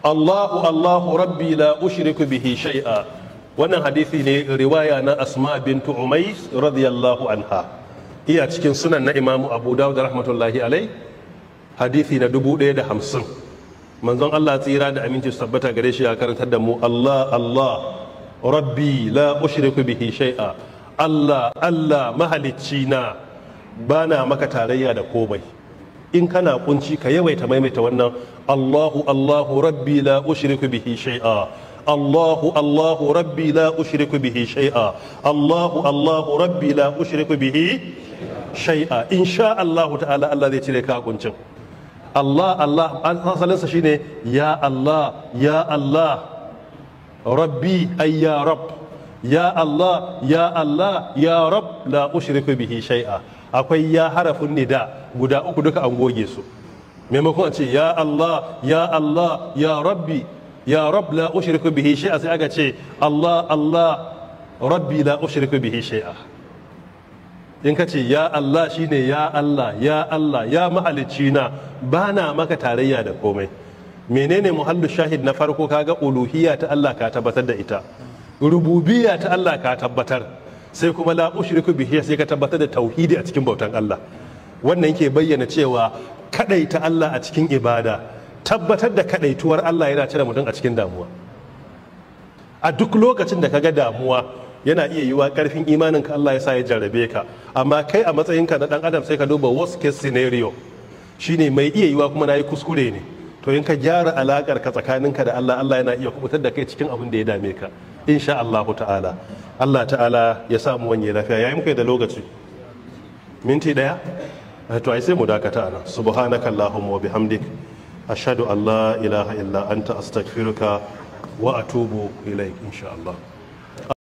Allahu Allahu rabbi la ushriku bihi shay'a wannan hadisi ne riwaya na Asma bintu Umais radiyallahu anha iya cikin sunan na Imam Abu Dawud rahmatullahi alai hadisi na 1050 manzon Allah tsira da aminci su tabbata gare shi ya karanta da mu Allah Allah rabbi la ushriku bihi shay'a Allah Allah mahalicci na bana maka tarayya da komai in kana kunci ka yawaita maimaita wannan Allahu Allahu rabbi la ushriku bihi shay'a Allahu Allahu rabbi la ushriku bihi shay'a Allahu Allahu rabbi la ushriku bihi shay'a insha Allahu ta'ala Allah zai cire ka kuncin Allah Allah asalinsa shine ya Allah ya Allah rabbi ay ya rabb ya Allah ya Allah ya rabb la ushriku bihi shay'a akwai ya harafin nida guda uku duka an goge su maimakon a ce ya Allah ya Allah ya rabbi ya rabb la ushriku bihi shay'a sai aka ce Allah Allah rabbi la ushriku bihi shay'a in ka ce ya Allah shine ya Allah ya Allah ya mahalicci na bana maka tarayya da komai menene muhallu shahid na farko kaga uluhiyya ta Allah ka tabbatar da ita rububiyya ta Allah ka tabbatar sai kuma la ushriku bihi sai ka tabbatar da tauhidi a cikin bautan Allah wannan ke bayyana cewa kadaita Allah a cikin ibada tabbatar da kadaituwar Allah yana cire mutum a cikin damuwa a duk lokacin da kaga damuwa yana iya yiwa karfin imanin ka Allah ya sa ya jarrabe ka amma kai a matsayinka na dan adam sai ka duba worst case scenario shine mai iya yiwa kuma nayi kuskure ne to in ka gyara alakar ka tsakaninka da Allah Allah yana iya kubutar da kai cikin abin da ya dame ka insha Allah ta'ala Allah ta'ala ya samu wanye lafiya ya yi muka da lokaci minti daya eh, to ai sai mu dakata nan subhanaka allahumma wa bihamdik ashhadu an la ilaha illa anta astaghfiruka wa atubu ilaik insha Allah